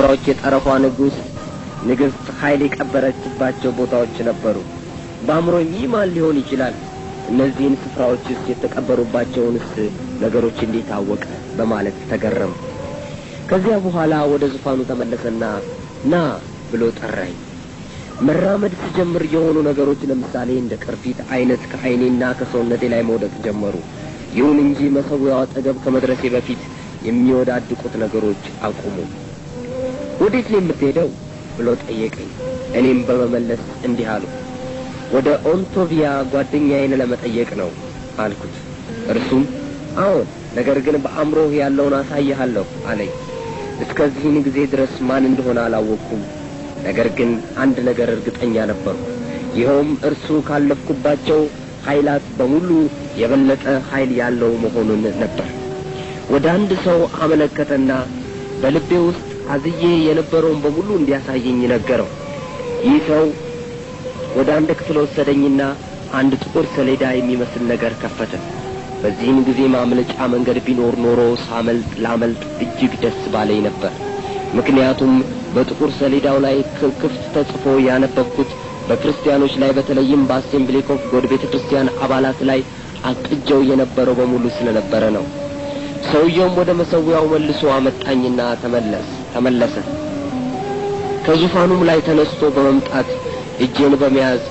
ስፍራዎች የጠረፏ ንጉሥ ንግሥት ኃይል የቀበረችባቸው ቦታዎች ነበሩ። በአእምሮ ይህ ማን ሊሆን ይችላል? እነዚህን ስፍራዎችስ የተቀበሩባቸውንስ ነገሮች እንዴት አወቀ? በማለት ተገረሙ። ከዚያ በኋላ ወደ ዙፋኑ ተመለሰና ና ብሎ ጠራኝ። መራመድ ስጀምር የሆኑ ነገሮች ለምሳሌ እንደ ቅርፊት አይነት ከአይኔና ከሰውነቴ ላይ መውደቅ ጀመሩ። ይሁን እንጂ መሰዊያው አጠገብ ከመድረሴ በፊት የሚወዳድቁት ነገሮች አቁሙ። ወዴት ነው የምትሄደው ብሎ ጠየቀኝ። እኔም በመመለስ እንዲህ አልኩ፣ ወደ ኦንቶቪያ ጓደኛዬን ለመጠየቅ ነው አልኩት። እርሱም አዎን፣ ነገር ግን በአእምሮህ ያለውን አሳይሃለሁ አለኝ። እስከዚህን ጊዜ ድረስ ማን እንደሆነ አላወቅኩም። ነገር ግን አንድ ነገር እርግጠኛ ነበርኩ። ይኸውም እርሱ ካለፍኩባቸው ኃይላት በሙሉ የበለጠ ኃይል ያለው መሆኑን ነበር። ወደ አንድ ሰው አመለከተና በልቤ ውስጥ አዝዬ የነበረውን በሙሉ እንዲያሳየኝ ነገረው። ይህ ሰው ወደ አንድ ክፍል ወሰደኝና አንድ ጥቁር ሰሌዳ የሚመስል ነገር ከፈተ። በዚህም ጊዜ ማምለጫ መንገድ ቢኖር ኖሮ ሳመልጥ ላመልጥ እጅግ ደስ ባለኝ ነበር። ምክንያቱም በጥቁር ሰሌዳው ላይ ክፍት ተጽፎ ያነበብኩት በክርስቲያኖች ላይ በተለይም በአሴምብሊ ኦፍ ጎድ ቤተ ክርስቲያን አባላት ላይ አቅጀው የነበረው በሙሉ ስለነበረ ነው። ሰውየውም ወደ መሰዊያው መልሶ አመጣኝና ተመለስ ተመለሰ። ከዙፋኑም ላይ ተነስቶ በመምጣት እጄን በመያዝ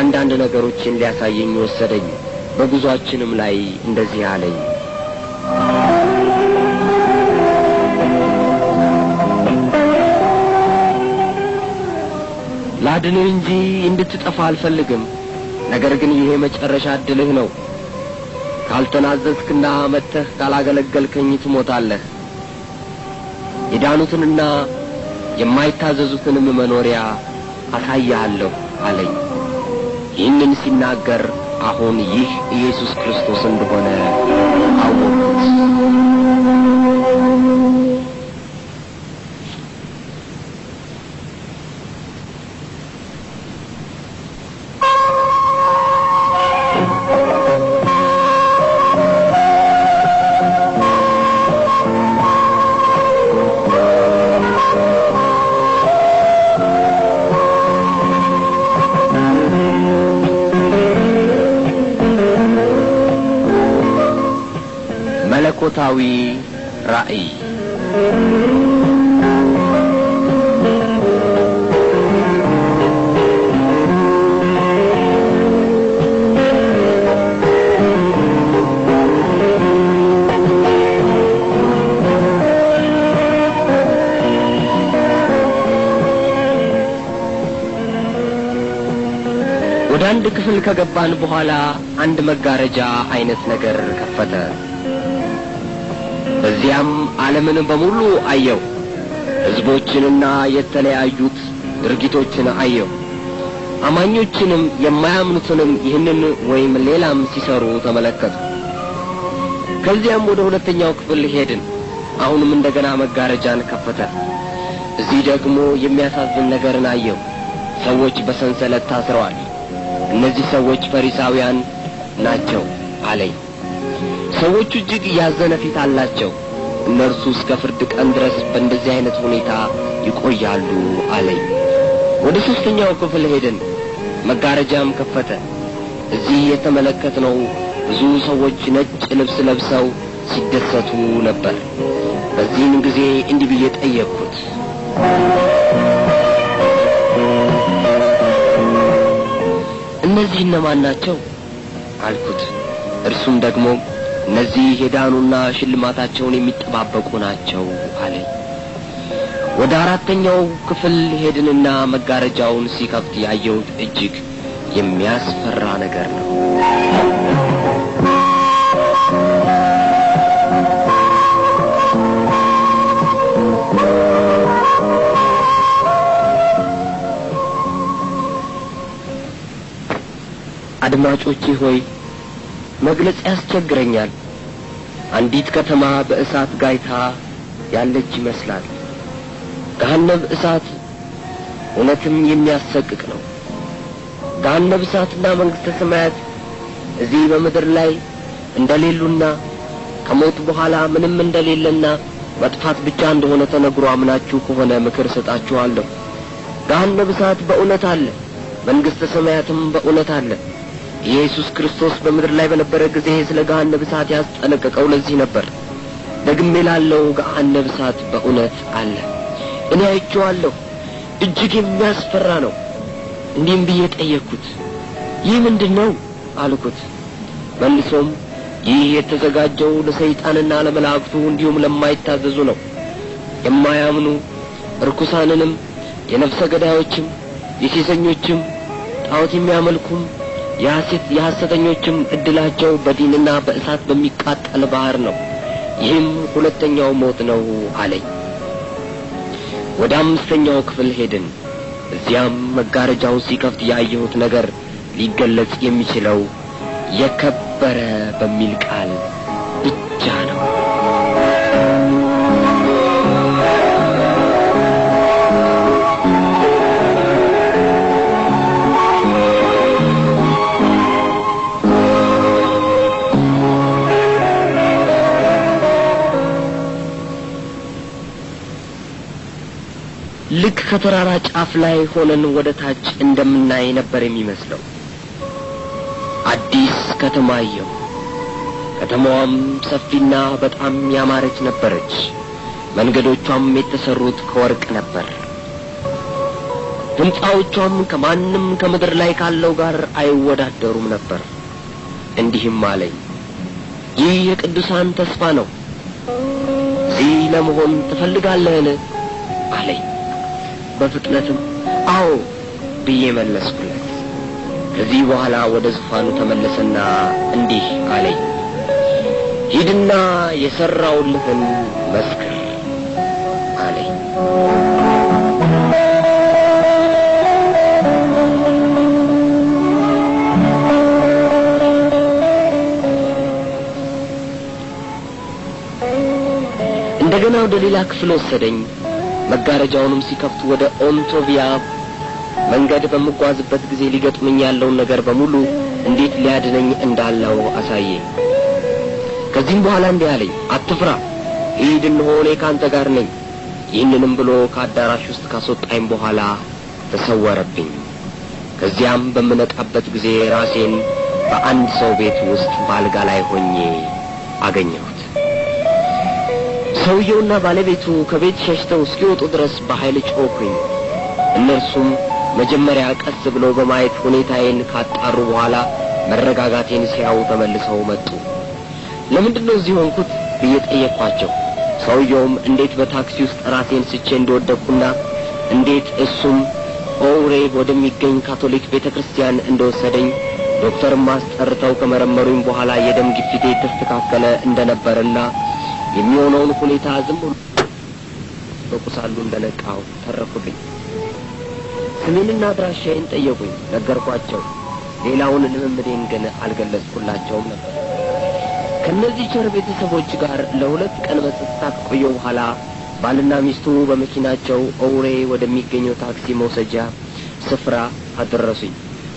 አንዳንድ ነገሮችን ሊያሳየኝ ወሰደኝ። በጉዟችንም ላይ እንደዚህ አለኝ። ላድንህ እንጂ እንድትጠፋ አልፈልግም። ነገር ግን ይሄ መጨረሻ እድልህ ነው። ካልተናዘዝክና መጥተህ ካላገለገልከኝ ትሞታለህ። የዳኑትንና የማይታዘዙትንም መኖሪያ አሳያለሁ አለኝ። ይህንን ሲናገር አሁን ይህ ኢየሱስ ክርስቶስ እንደሆነ አወቁት። መንፈሳዊ ራዕይ ወደ አንድ ክፍል ከገባን በኋላ አንድ መጋረጃ አይነት ነገር ከፈተ። በዚያም ዓለምን በሙሉ አየው ሕዝቦችንና የተለያዩት ድርጊቶችን አየው! አማኞችንም የማያምኑትንም ይህንን ወይም ሌላም ሲሰሩ ተመለከቱ። ከዚያም ወደ ሁለተኛው ክፍል ሄድን። አሁንም እንደገና መጋረጃን ከፈተ። እዚህ ደግሞ የሚያሳዝን ነገርን አየው። ሰዎች በሰንሰለት ታስረዋል። እነዚህ ሰዎች ፈሪሳውያን ናቸው አለኝ። ሰዎቹ እጅግ ያዘነ ፊት አላቸው። እነርሱ እስከ ፍርድ ቀን ድረስ በእንደዚህ አይነት ሁኔታ ይቆያሉ አለኝ። ወደ ሦስተኛው ክፍል ሄድን። መጋረጃም ከፈተ። እዚህ የተመለከትነው ብዙ ሰዎች ነጭ ልብስ ለብሰው ሲደሰቱ ነበር። በዚህም ጊዜ እንዲህ ብዬ ጠየቅኩት። እነዚህ እነማን ናቸው? አልኩት። እርሱም ደግሞ እነዚህ የዳኑና ሽልማታቸውን የሚጠባበቁ ናቸው አለኝ። ወደ አራተኛው ክፍል ሄድንና መጋረጃውን ሲከፍት ያየሁት እጅግ የሚያስፈራ ነገር ነው። አድማጮቼ ሆይ መግለጽ ያስቸግረኛል። አንዲት ከተማ በእሳት ጋይታ ያለች ይመስላል። ጋህነብ እሳት እውነትም የሚያሰቅቅ ነው። ገሃነብ እሳትና መንግሥተ ሰማያት እዚህ በምድር ላይ እንደሌሉና ከሞት በኋላ ምንም እንደሌለና መጥፋት ብቻ እንደሆነ ተነግሮ አምናችሁ ከሆነ ምክር እሰጣችኋለሁ። ገሃነብ እሳት በእውነት አለ፣ መንግሥተ ሰማያትም በእውነት አለ። ኢየሱስ ክርስቶስ በምድር ላይ በነበረ ጊዜ ስለ ገሃነብ እሳት ያስጠነቀቀው ለዚህ ነበር። ደግሜ ላለው ገሃነብ እሳት በእውነት አለ፣ እኔ አይቼዋለሁ፣ እጅግ የሚያስፈራ ነው። እንዲህም ብዬ ጠየቅኩት፣ ይህ ምንድን ነው አልኩት። መልሶም ይህ የተዘጋጀው ለሰይጣንና ለመላእክቱ እንዲሁም ለማይታዘዙ ነው። የማያምኑ ርኩሳንንም፣ የነፍሰ ገዳዮችም፣ የሴሰኞችም፣ ጣዖት የሚያመልኩም የሐሰተኞችም እድላቸው በዲንና በእሳት በሚቃጠል ባህር ነው። ይህም ሁለተኛው ሞት ነው አለኝ። ወደ አምስተኛው ክፍል ሄድን። እዚያም መጋረጃውን ሲከፍት ያየሁት ነገር ሊገለጽ የሚችለው የከበረ በሚል ቃል ብቻ ነው። ከተራራ ጫፍ ላይ ሆነን ወደ ታች እንደምናይ ነበር የሚመስለው። አዲስ ከተማ አየሁ። ከተማዋም ሰፊና በጣም ያማረች ነበረች። መንገዶቿም የተሰሩት ከወርቅ ነበር። ሕንጻዎቿም ከማንም ከምድር ላይ ካለው ጋር አይወዳደሩም ነበር። እንዲህም አለኝ፣ ይህ የቅዱሳን ተስፋ ነው። እዚህ ለመሆን ትፈልጋለህን? አለኝ። በፍጥነትም አዎ ብዬ መለስኩለት። ከዚህ በኋላ ወደ ዙፋኑ ተመለሰና እንዲህ አለኝ፣ ሂድና የሠራውልህን መስክር አለኝ። እንደገና ወደ ሌላ ክፍል ወሰደኝ። መጋረጃውንም ሲከፍቱ ወደ ኦንቶቪያ መንገድ በምጓዝበት ጊዜ ሊገጥመኝ ያለውን ነገር በሙሉ እንዴት ሊያድነኝ እንዳለው አሳየ ከዚህም በኋላ እንዲህ አለኝ፣ አትፍራ፣ ሂድ፣ እነሆ እኔ ከአንተ ጋር ነኝ። ይህንንም ብሎ ከአዳራሽ ውስጥ ካስወጣኝ በኋላ ተሰወረብኝ። ከዚያም በምነጣበት ጊዜ ራሴን በአንድ ሰው ቤት ውስጥ በአልጋ ላይ ሆኜ አገኘሁ። ሰውየውና ባለቤቱ ከቤት ሸሽተው እስኪወጡ ድረስ በኃይል ጮኩኝ። እነርሱም መጀመሪያ ቀስ ብለው በማየት ሁኔታዬን ካጣሩ በኋላ መረጋጋቴን ሲያዩ ተመልሰው መጡ። ለምንድነው እዚህ ሆንኩት ብዬ ጠየቅኳቸው። ሰውየውም እንዴት በታክሲ ውስጥ ራሴን ስቼ እንደወደቅኩና እንዴት እሱም ኦውሬ ወደሚገኝ ካቶሊክ ቤተ ክርስቲያን እንደወሰደኝ ዶክተርም አስጠርተው ከመረመሩኝ በኋላ የደም ግፊቴ የተስተካከለ እንደነበርና የሚሆነውን ሁኔታ ዝም ብሎ በቁሳሉ እንደነቃው ተረኩብኝ። ስሜንና አድራሻዬን ጠየቁኝ፣ ነገርኳቸው። ሌላውን ልምምዴን ግን አልገለጽኩላቸውም ነበር። ከእነዚህ ቸር ቤተሰቦች ጋር ለሁለት ቀን በጸጥታ ከቆየ በኋላ ባልና ሚስቱ በመኪናቸው ኦውሬ ወደሚገኘው ታክሲ መውሰጃ ስፍራ አደረሱኝ።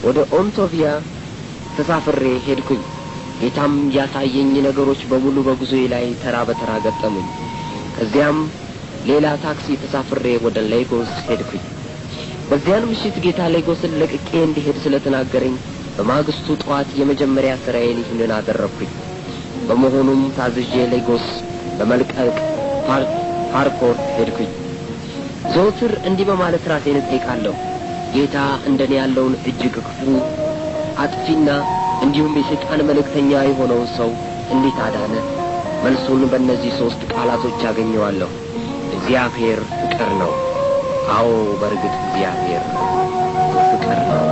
ወደ ኦንቶቪያ ተሳፍሬ ሄድኩኝ። ጌታም ያሳየኝ ነገሮች በሙሉ በጉዞዬ ላይ ተራ በተራ ገጠሙኝ። ከዚያም ሌላ ታክሲ ተሳፍሬ ወደ ሌጎስ ሄድኩኝ። በዚያን ምሽት ጌታ ሌጎስን ለቅቄ እንዲሄድ ስለተናገረኝ በማግስቱ ጠዋት የመጀመሪያ ስራዬን ይህንን አደረግኩኝ። በመሆኑም ታዝዤ ሌጎስ በመልቀቅ ፓርኮር ሄድኩኝ። ዘወትር እንዲህ በማለት ራሴን እጠይቃለሁ። ጌታ እንደኔ ያለውን እጅግ ክፉ አጥፊና እንዲሁም የሰይጣን መልእክተኛ የሆነውን ሰው እንዴት አዳነ? መልሱን በእነዚህ ሦስት ቃላቶች አገኘዋለሁ። እግዚአብሔር ፍቅር ነው። አዎ፣ በእርግጥ እግዚአብሔር ፍቅር ነው።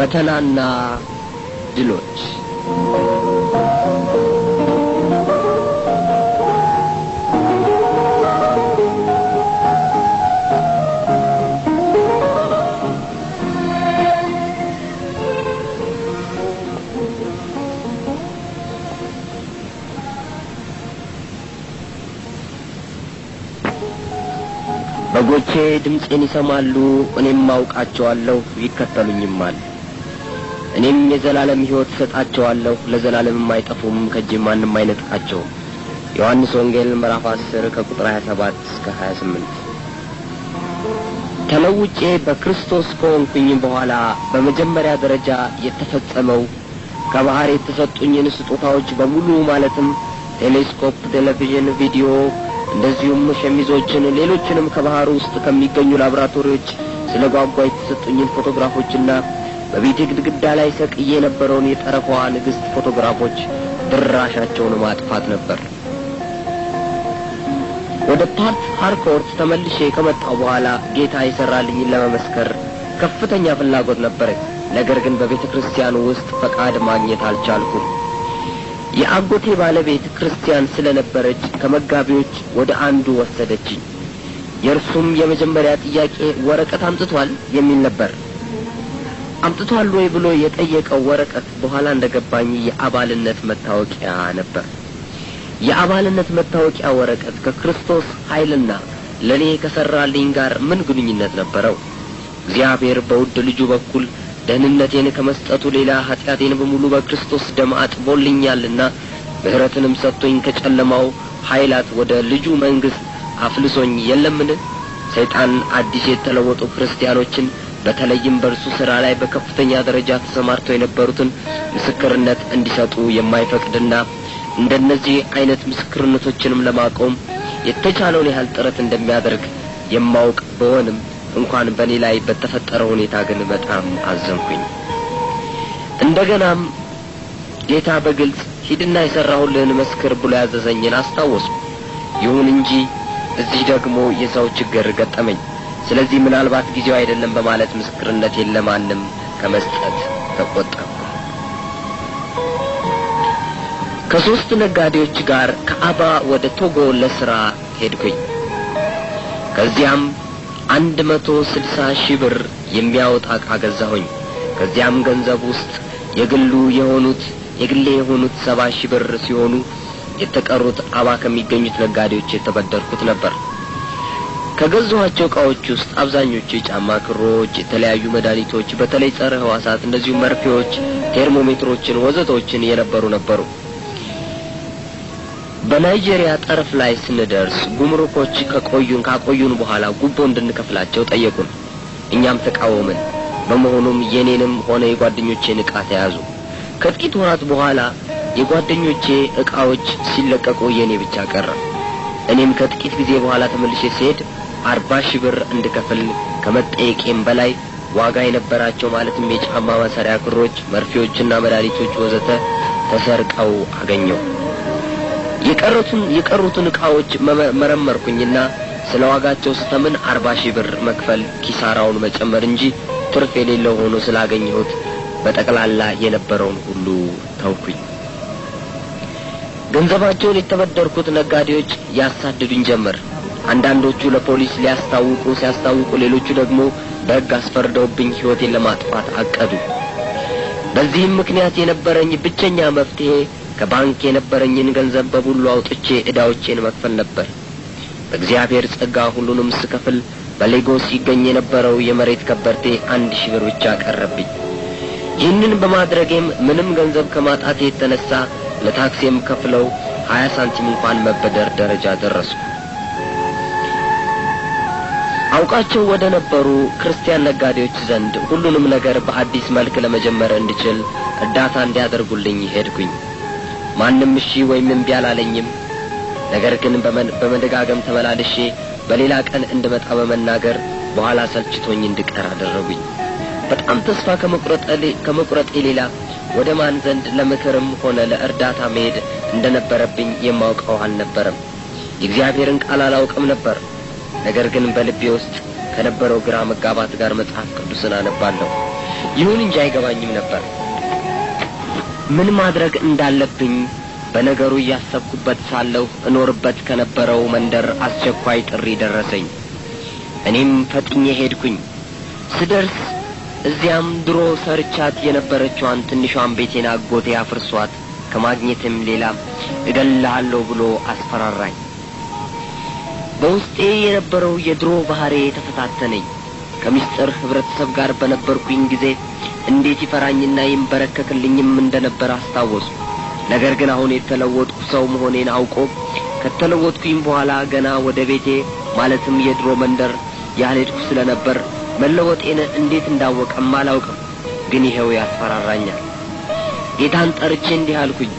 ፈተናና ድሎች በጎቼ ድምፄን ይሰማሉ፣ እኔም አውቃቸዋለሁ፣ ይከተሉኝማል። እኔም የዘላለም ሕይወት እሰጣቸዋለሁ ለዘላለምም አይጠፉም ከእጄም ማንም አይነጥቃቸውም። ዮሐንስ ወንጌል ምዕራፍ 10 ከቁጥር 27 እስከ 28 ተለውጬ በክርስቶስ ከሆንኩኝ በኋላ በመጀመሪያ ደረጃ የተፈጸመው ከባህር የተሰጡኝን ስጦታዎች በሙሉ ማለትም ቴሌስኮፕ፣ ቴሌቪዥን፣ ቪዲዮ እንደዚሁም ሸሚዞችን፣ ሌሎችንም ከባህር ውስጥ ከሚገኙ ላብራቶሪዎች ስለ ጓጓ የተሰጡኝን ፎቶግራፎችና በቤቴ ግድግዳ ላይ ሰቅዬ የነበረውን የጠረፋዋ ንግሥት ፎቶግራፎች ድራሻቸውን ማጥፋት ነበር። ወደ ፓርት ሃርኮርት ተመልሼ ከመጣው በኋላ ጌታ የሠራልኝን ለመመስከር ከፍተኛ ፍላጎት ነበረኝ። ነገር ግን በቤተ ክርስቲያኑ ውስጥ ፈቃድ ማግኘት አልቻልኩም። የአጎቴ ባለቤት ክርስቲያን ስለነበረች ከመጋቢዎች ወደ አንዱ ወሰደችኝ። የእርሱም የመጀመሪያ ጥያቄ ወረቀት አምጥቷል የሚል ነበር። አምጥቷል ወይ ብሎ የጠየቀው ወረቀት በኋላ እንደ ገባኝ የአባልነት መታወቂያ ነበር። የአባልነት መታወቂያ ወረቀት ከክርስቶስ ኃይልና ለእኔ ከሰራልኝ ጋር ምን ግንኙነት ነበረው? እግዚአብሔር በውድ ልጁ በኩል ደህንነቴን ከመስጠቱ ሌላ ኃጢአቴን በሙሉ በክርስቶስ ደም አጥቦልኛልና ምሕረትንም ሰጥቶኝ ከጨለማው ኃይላት ወደ ልጁ መንግሥት አፍልሶኝ የለምን? ሰይጣን አዲስ የተለወጡ ክርስቲያኖችን በተለይም በእርሱ ስራ ላይ በከፍተኛ ደረጃ ተሰማርተው የነበሩትን ምስክርነት እንዲሰጡ የማይፈቅድና እንደነዚህ አይነት ምስክርነቶችንም ለማቆም የተቻለውን ያህል ጥረት እንደሚያደርግ የማውቅ በሆንም እንኳን በእኔ ላይ በተፈጠረ ሁኔታ ግን በጣም አዘንኩኝ። እንደገናም ጌታ በግልጽ ሂድና የሠራሁልህን መስክር ብሎ ያዘዘኝን አስታወስኩ። ይሁን እንጂ እዚህ ደግሞ የሰው ችግር ገጠመኝ። ስለዚህ ምናልባት ጊዜው አይደለም በማለት ምስክርነት ለማንም ከመስጠት ተቆጠብኩ። ከሶስት ነጋዴዎች ጋር ከአባ ወደ ቶጎ ለስራ ሄድኩኝ። ከዚያም አንድ መቶ ስልሳ ሺህ ብር የሚያወጣ ዕቃ ገዛሁኝ። ከዚያም ገንዘብ ውስጥ የግሉ የሆኑት የግሌ የሆኑት ሰባ ሺህ ብር ሲሆኑ የተቀሩት አባ ከሚገኙት ነጋዴዎች የተበደርኩት ነበር። ከገዛኋቸው እቃዎች ውስጥ አብዛኞቹ የጫማ ክሮች፣ የተለያዩ መድኃኒቶች፣ በተለይ ጸረ ህዋሳት፣ እንደዚሁም መርፌዎች፣ ቴርሞሜትሮችን ወዘቶችን የነበሩ ነበሩ። በናይጄሪያ ጠረፍ ላይ ስንደርስ ጉምሩኮች ከቆዩን ካቆዩን በኋላ ጉቦ እንድንከፍላቸው ጠየቁን። እኛም ተቃወምን። በመሆኑም የኔንም ሆነ የጓደኞቼን እቃ ተያዙ። ከጥቂት ወራት በኋላ የጓደኞቼ እቃዎች ሲለቀቁ የኔ ብቻ ቀረ። እኔም ከጥቂት ጊዜ በኋላ ተመልሼ ሲሄድ አርባ ሺህ ብር እንድከፍል ከመጠየቄም በላይ ዋጋ የነበራቸው ማለትም የጫማ ማሰሪያ ክሮች፣ መርፌዎችና መድኃኒቶች ወዘተ ተሰርቀው አገኘው። የቀሩትን የቀሩትን ዕቃዎች መረመርኩኝና ስለ ዋጋቸው ስተምን አርባ ሺህ ብር መክፈል ኪሳራውን መጨመር እንጂ ትርፍ የሌለው ሆኖ ስላገኘሁት በጠቅላላ የነበረውን ሁሉ ተውኩኝ። ገንዘባቸውን የተበደርኩት ነጋዴዎች ያሳድዱኝ ጀመር። አንዳንዶቹ ለፖሊስ ሊያስታውቁ ሲያስታውቁ፣ ሌሎቹ ደግሞ በሕግ አስፈርደውብኝ ሕይወቴን ለማጥፋት አቀዱ። በዚህም ምክንያት የነበረኝ ብቸኛ መፍትሄ ከባንክ የነበረኝን ገንዘብ በሙሉ አውጥቼ ዕዳዎቼን መክፈል ነበር። በእግዚአብሔር ጸጋ ሁሉንም ስከፍል በሌጎስ ይገኝ የነበረው የመሬት ከበርቴ አንድ ሺህ ብር ብቻ ቀረብኝ። ይህንን በማድረጌም ምንም ገንዘብ ከማጣቴ የተነሳ ለታክሲ ከፍለው ሀያ ሳንቲም እንኳን መበደር ደረጃ ደረስኩ። አውቃቸው ወደ ነበሩ ክርስቲያን ነጋዴዎች ዘንድ ሁሉንም ነገር በአዲስ መልክ ለመጀመር እንድችል እርዳታ እንዲያደርጉልኝ ሄድኩኝ። ማንም እሺ ወይም እምቢ አላለኝም። ነገር ግን በመደጋገም ተመላልሼ በሌላ ቀን እንድመጣ በመናገር በኋላ ሰልችቶኝ እንድቀር አደረጉኝ። በጣም ተስፋ ከመቁረጤ ሌላ ወደ ማን ዘንድ ለምክርም ሆነ ለእርዳታ መሄድ እንደነበረብኝ የማውቀው አልነበረም። የእግዚአብሔርን ቃል አላውቅም ነበር። ነገር ግን በልቤ ውስጥ ከነበረው ግራ መጋባት ጋር መጽሐፍ ቅዱስን አነባለሁ። ይሁን እንጂ አይገባኝም ነበር። ምን ማድረግ እንዳለብኝ በነገሩ እያሰብኩበት ሳለሁ እኖርበት ከነበረው መንደር አስቸኳይ ጥሪ ደረሰኝ። እኔም ፈጥኜ ሄድኩኝ። ስደርስ እዚያም ድሮ ሰርቻት የነበረችዋን ትንሿን ቤቴን አጎቴ አፍርሷት ከማግኘትም ሌላ እገልሃለሁ ብሎ አስፈራራኝ። በውስጤ የነበረው የድሮ ባህሬ ተፈታተነኝ ከሚስጥር ህብረተሰብ ጋር በነበርኩኝ ጊዜ እንዴት ይፈራኝና ይንበረከክልኝም እንደነበር አስታወስኩ። ነገር ግን አሁን የተለወጥኩ ሰው መሆኔን አውቆ ከተለወጥኩኝ በኋላ ገና ወደ ቤቴ ማለትም የድሮ መንደር ያልሄድኩ ስለነበር መለወጤን እንዴት እንዳወቀም አላውቅም። ግን ይሄው ያስፈራራኛል። ጌታን ጠርቼ እንዲህ አልኩኝ።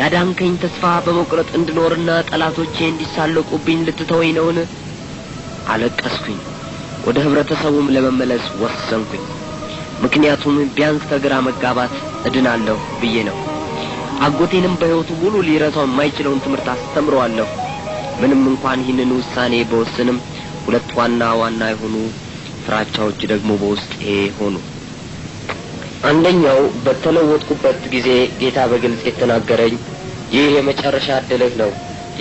ያዳንከኝ ተስፋ በመቁረጥ እንድኖርና ጠላቶቼ እንዲሳለቁብኝ ልትተወኝ ነውን? አለቀስኩኝ። ወደ ህብረተሰቡም ለመመለስ ወሰንኩኝ። ምክንያቱም ቢያንስ ከግራ መጋባት እድናለሁ ብዬ ነው። አጎቴንም በሕይወቱ ሙሉ ሊረሳው የማይችለውን ትምህርት አስተምረዋለሁ። ምንም እንኳን ይህንን ውሳኔ በወስንም፣ ሁለት ዋና ዋና የሆኑ ፍራቻዎች ደግሞ በውስጤ ሆኑ። አንደኛው በተለወጥኩበት ጊዜ ጌታ በግልጽ የተናገረኝ ይህ የመጨረሻ እድልህ ነው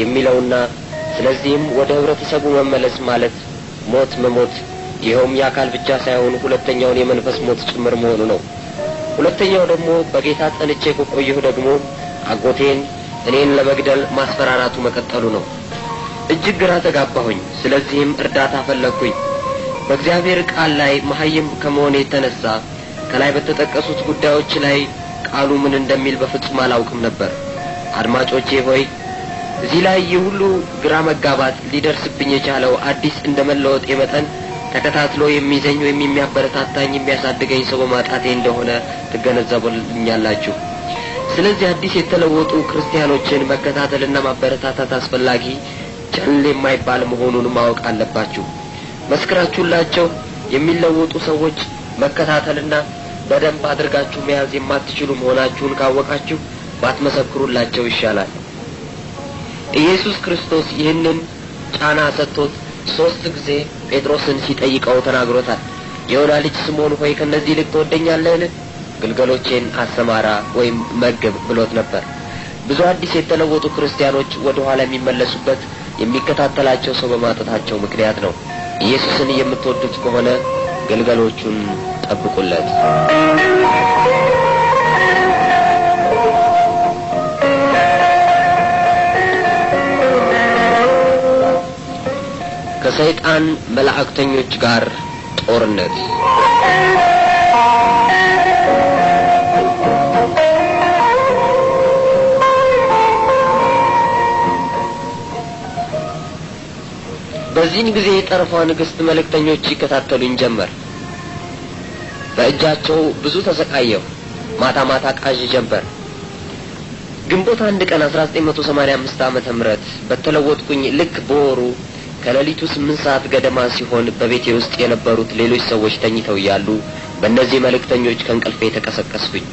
የሚለውና ስለዚህም ወደ ህብረተሰቡ መመለስ ማለት ሞት መሞት ይኸውም የአካል ብቻ ሳይሆን ሁለተኛውን የመንፈስ ሞት ጭምር መሆኑ ነው። ሁለተኛው ደግሞ በጌታ ጸንቼ ከቆየሁ ደግሞ አጎቴን እኔን ለመግደል ማስፈራራቱ መቀጠሉ ነው። እጅግ ግራ ተጋባሁኝ። ስለዚህም እርዳታ ፈለግኩኝ። በእግዚአብሔር ቃል ላይ መሀይም ከመሆኔ የተነሳ ከላይ በተጠቀሱት ጉዳዮች ላይ ቃሉ ምን እንደሚል በፍጹም አላውቅም ነበር። አድማጮቼ ሆይ እዚህ ላይ ይህ ሁሉ ግራ መጋባት ሊደርስብኝ የቻለው አዲስ እንደ መለወጤ መጠን ተከታትሎ የሚዘኝ ወይም የሚያበረታታኝ የሚያሳድገኝ ሰው በማጣቴ እንደሆነ ትገነዘቡልኛላችሁ። ስለዚህ አዲስ የተለወጡ ክርስቲያኖችን መከታተልና ማበረታታት አስፈላጊ ጨል የማይባል መሆኑን ማወቅ አለባችሁ። መስክራችሁላቸው የሚለወጡ ሰዎች መከታተልና በደንብ አድርጋችሁ መያዝ የማትችሉ መሆናችሁን ካወቃችሁ ባትመሰክሩላቸው ይሻላል። ኢየሱስ ክርስቶስ ይህንን ጫና ሰጥቶት ሶስት ጊዜ ጴጥሮስን ሲጠይቀው ተናግሮታል። የዮና ልጅ ስምዖን ሆይ ከእነዚህ ይልቅ ትወደኛለህን? ግልገሎቼን አሰማራ ወይም መግብ ብሎት ነበር። ብዙ አዲስ የተለወጡ ክርስቲያኖች ወደ ኋላ የሚመለሱበት የሚከታተላቸው ሰው በማጣታቸው ምክንያት ነው። ኢየሱስን የምትወዱት ከሆነ ግልገሎቹን ጠብቁለት። ከሰይጣን መላእክተኞች ጋር ጦርነት በዚህን ጊዜ የጠረፏ ንግስት መልእክተኞች ይከታተሉኝ ጀመር። በእጃቸው ብዙ ተሰቃየው ማታ ማታ ቃዥ ጀመር። ግንቦት አንድ ቀን 1985 ዓመተ ምህረት በተለወጥኩኝ ልክ በወሩ ከሌሊቱ ስምንት ሰዓት ገደማ ሲሆን በቤቴ ውስጥ የነበሩት ሌሎች ሰዎች ተኝተው እያሉ በእነዚህ መልእክተኞች ከእንቅልፌ ተቀሰቀስኩኝ።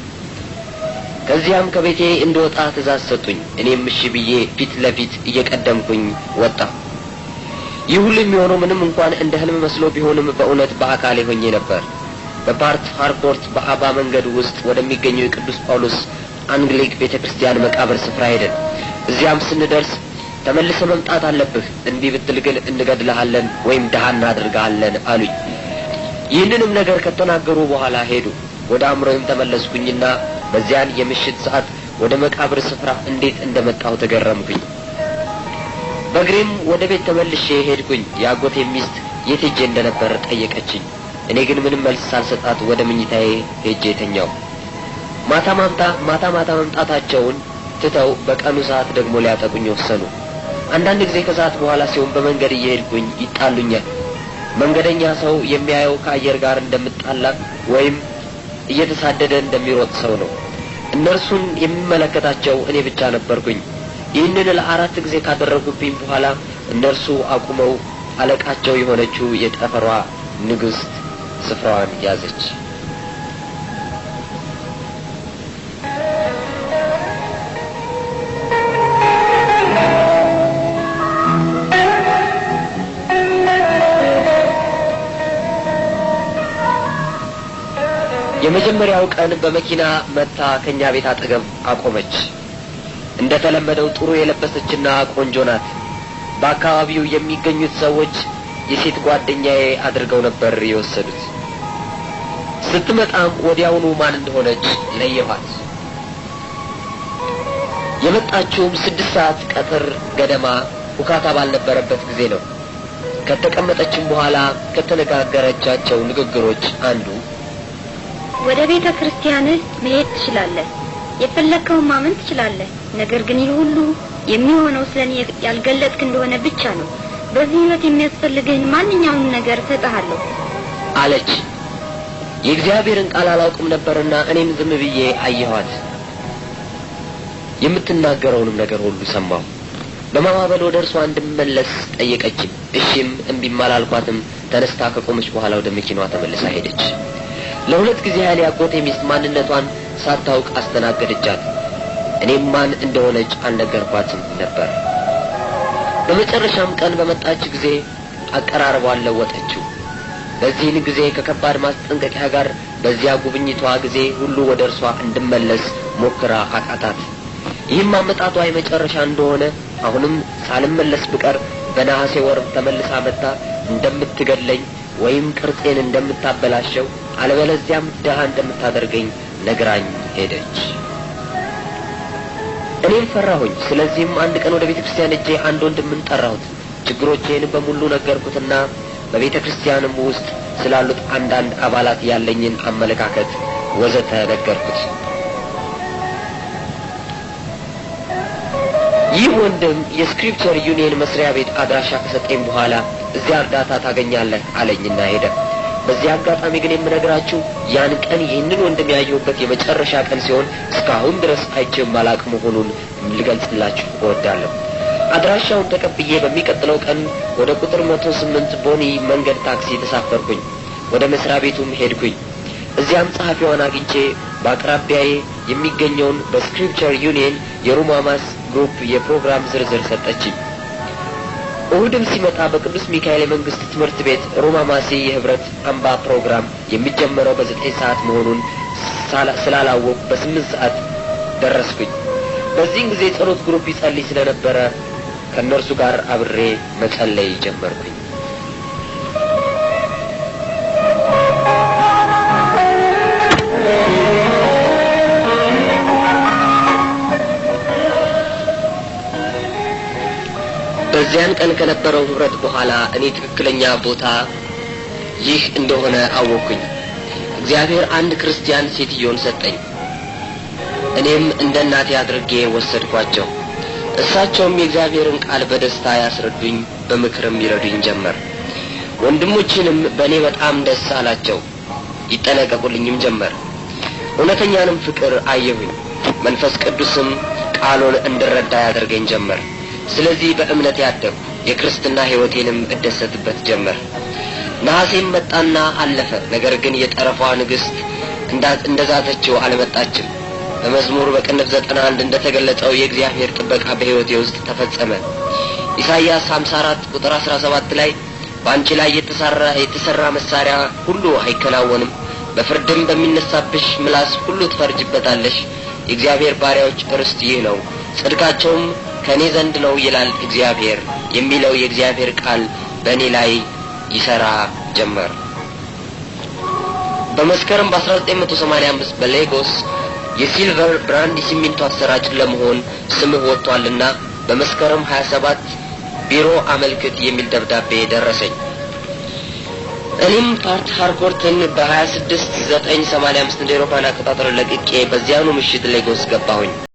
ከዚያም ከቤቴ እንደወጣ ትእዛዝ ሰጡኝ። እኔም እሺ ብዬ ፊት ለፊት እየቀደምኩኝ ወጣሁ። ይህ ሁሉ የሚሆነው ምንም እንኳን እንደ ህልም መስሎ ቢሆንም በእውነት በአካል ሆኜ ነበር። በፓርት ሃርኮርት በአባ መንገድ ውስጥ ወደሚገኘው የቅዱስ ጳውሎስ አንግሊክ ቤተ ክርስቲያን መቃብር ስፍራ ሄደን እዚያም ስንደርስ ተመልሰ መምጣት አለብህ፣ እንዲህ ብትል ግን እንገድልሃለን ወይም ድሃ እናድርጋለን አሉኝ። ይህንንም ነገር ከተናገሩ በኋላ ሄዱ። ወደ አእምሮዬም ተመለስኩኝና በዚያን የምሽት ሰዓት ወደ መቃብር ስፍራ እንዴት እንደመጣሁ ተገረምኩኝ። በእግሬም ወደ ቤት ተመልሼ ሄድኩኝ። የአጎቴ ሚስት የት ሄጄ እንደነበር ጠየቀችኝ። እኔ ግን ምንም መልስ ሳልሰጣት ወደ ምኝታዬ ሄጄ ተኛው። ማታ ማምጣ ማታ ማታ መምጣታቸውን ትተው በቀኑ ሰዓት ደግሞ ሊያጠቁኝ ወሰኑ። አንዳንድ ጊዜ ከሰዓት በኋላ ሲሆን በመንገድ እየሄድኩኝ ይጣሉኛል። መንገደኛ ሰው የሚያየው ከአየር ጋር እንደምጣላ ወይም እየተሳደደ እንደሚሮጥ ሰው ነው። እነርሱን የሚመለከታቸው እኔ ብቻ ነበርኩኝ። ይህንን ለአራት ጊዜ ካደረጉብኝ በኋላ እነርሱ አቁመው አለቃቸው የሆነችው የጠፈሯ ንግስት ስፍራዋን ያዘች። የመጀመሪያው ቀን በመኪና መታ ከእኛ ቤት አጠገብ አቆመች። እንደ ተለመደው ጥሩ የለበሰችና ቆንጆ ናት። በአካባቢው የሚገኙት ሰዎች የሴት ጓደኛዬ አድርገው ነበር የወሰዱት። ስትመጣም ወዲያውኑ ማን እንደሆነች ለየኋት። የመጣችውም ስድስት ሰዓት ቀጥር ገደማ ሁካታ ባልነበረበት ጊዜ ነው። ከተቀመጠችም በኋላ ከተነጋገረቻቸው ንግግሮች አንዱ ወደ ቤተ ክርስቲያንህ መሄድ ትችላለህ የፈለግከውን ማመን ትችላለህ። ነገር ግን ይህ ሁሉ የሚሆነው ስለ እኔ ያልገለጥክ እንደሆነ ብቻ ነው። በዚህ ህይወት የሚያስፈልግህን ማንኛውንም ነገር እሰጥሃለሁ አለች። የእግዚአብሔርን ቃል አላውቅም ነበርና እኔም ዝም ብዬ አየኋት። የምትናገረውንም ነገር ሁሉ ሰማሁ። በማባበል ወደ እርሷ እንድመለስ ጠየቀችም። እሺም እምቢም አላልኳትም። ተነስታ ከቆመች በኋላ ወደ መኪናዋ ተመልሳ ሄደች። ለሁለት ጊዜ ያህል ያጎቴ ሚስት ማንነቷን ሳታውቅ አስተናገደቻት። እኔም ማን እንደሆነች አልነገርኳትም ነበር። በመጨረሻም ቀን በመጣች ጊዜ አቀራርቧን አለወጠችው በዚህን ጊዜ ከከባድ ማስጠንቀቂያ ጋር በዚያ ጉብኝቷ ጊዜ ሁሉ ወደ እርሷ እንድመለስ ሞክራ አቃታት። ይህም አመጣቷ የመጨረሻ እንደሆነ አሁንም ሳልመለስ ብቀር በነሐሴ ወር ተመልሳ መጥታ እንደምትገለኝ ወይም ቅርጼን እንደምታበላሸው አለበለዚያም ድሃ እንደምታደርገኝ ነግራኝ ሄደች። እኔም ፈራሁኝ። ስለዚህም አንድ ቀን ወደ ቤተ ክርስቲያን እጄ አንድ ወንድምን ጠራሁት። ችግሮቼን በሙሉ ነገርኩትና በቤተ ክርስቲያንም ውስጥ ስላሉት አንዳንድ አባላት ያለኝን አመለካከት ወዘተ ነገርኩት። ይህ ወንድም የስክሪፕቸር ዩኒየን መስሪያ ቤት አድራሻ ከሰጠኝ በኋላ እዚያ እርዳታ ታገኛለህ አለኝና ሄደ። በዚህ አጋጣሚ ግን የምነግራችሁ ያን ቀን ይህንን ወንድም ያየሁበት የመጨረሻ ቀን ሲሆን እስካሁን ድረስ አይቼው ማላቅ መሆኑን ልገልጽላችሁ እወዳለሁ። አድራሻውን ተቀብዬ በሚቀጥለው ቀን ወደ ቁጥር መቶ ስምንት ቦኒ መንገድ ታክሲ ተሳፈርኩኝ። ወደ መስሪያ ቤቱም ሄድኩኝ። እዚያም ጸሐፊዋን አግኝቼ በአቅራቢያዬ የሚገኘውን በስክሪፕቸር ዩኒየን የሩማማስ ግሩፕ የፕሮግራም ዝርዝር ሰጠችኝ። እሁድም ሲመጣ በቅዱስ ሚካኤል የመንግስት ትምህርት ቤት ማሴ የህብረት አምባ ፕሮግራም የሚጀመረው በዘጠኝ ሰዓት መሆኑን ስላላወቁ በስምንት ሰዓት ደረስኩኝ። በዚህን ጊዜ ጸሎት ግሩፕ ይጸልይ ስለነበረ ከእነርሱ ጋር አብሬ መጸለይ ጀመርኩኝ። በዚያን ቀን ከነበረው ህብረት በኋላ እኔ ትክክለኛ ቦታ ይህ እንደሆነ አወቅኩኝ። እግዚአብሔር አንድ ክርስቲያን ሴትዮን ሰጠኝ። እኔም እንደ እናቴ አድርጌ ወሰድኳቸው። እሳቸውም የእግዚአብሔርን ቃል በደስታ ያስረዱኝ፣ በምክርም ይረዱኝ ጀመር። ወንድሞችንም በእኔ በጣም ደስ አላቸው፣ ይጠነቀቁልኝም ጀመር። እውነተኛንም ፍቅር አየሁኝ። መንፈስ ቅዱስም ቃሉን እንድረዳ ያደርገኝ ጀመር። ስለዚህ በእምነት ያደጉ የክርስትና ሕይወቴንም እደሰትበት ጀመር። ነሐሴም መጣና አለፈ። ነገር ግን የጠረፏ ንግሥት እንደዛተችው አልመጣችም። በመዝሙር በቅንፍ ዘጠና አንድ እንደ ተገለጸው የእግዚአብሔር ጥበቃ በሕይወቴ ውስጥ ተፈጸመ። ኢሳይያስ 54 ቁጥር 17 ላይ በአንቺ ላይ የተሰራ መሳሪያ ሁሉ አይከናወንም፣ በፍርድም በሚነሳብሽ ምላስ ሁሉ ትፈርጅበታለሽ። የእግዚአብሔር ባሪያዎች እርስት ይህ ነው፣ ጽድቃቸውም ከእኔ ዘንድ ነው ይላል እግዚአብሔር የሚለው የእግዚአብሔር ቃል በእኔ ላይ ይሰራ ጀመር። በመስከረም በ1985 በሌጎስ የሲልቨር ብራንድ የሲሚንቶ አሰራጭ ለመሆን ስምህ ወጥቷልና በመስከረም 27 ቢሮ አመልክት የሚል ደብዳቤ ደረሰኝ። እኔም ፓርት ሃርኮርትን በ26 985 እንደ ኤሮፓን አቆጣጠር ለቅቄ በዚያኑ ምሽት ሌጎስ ገባሁኝ።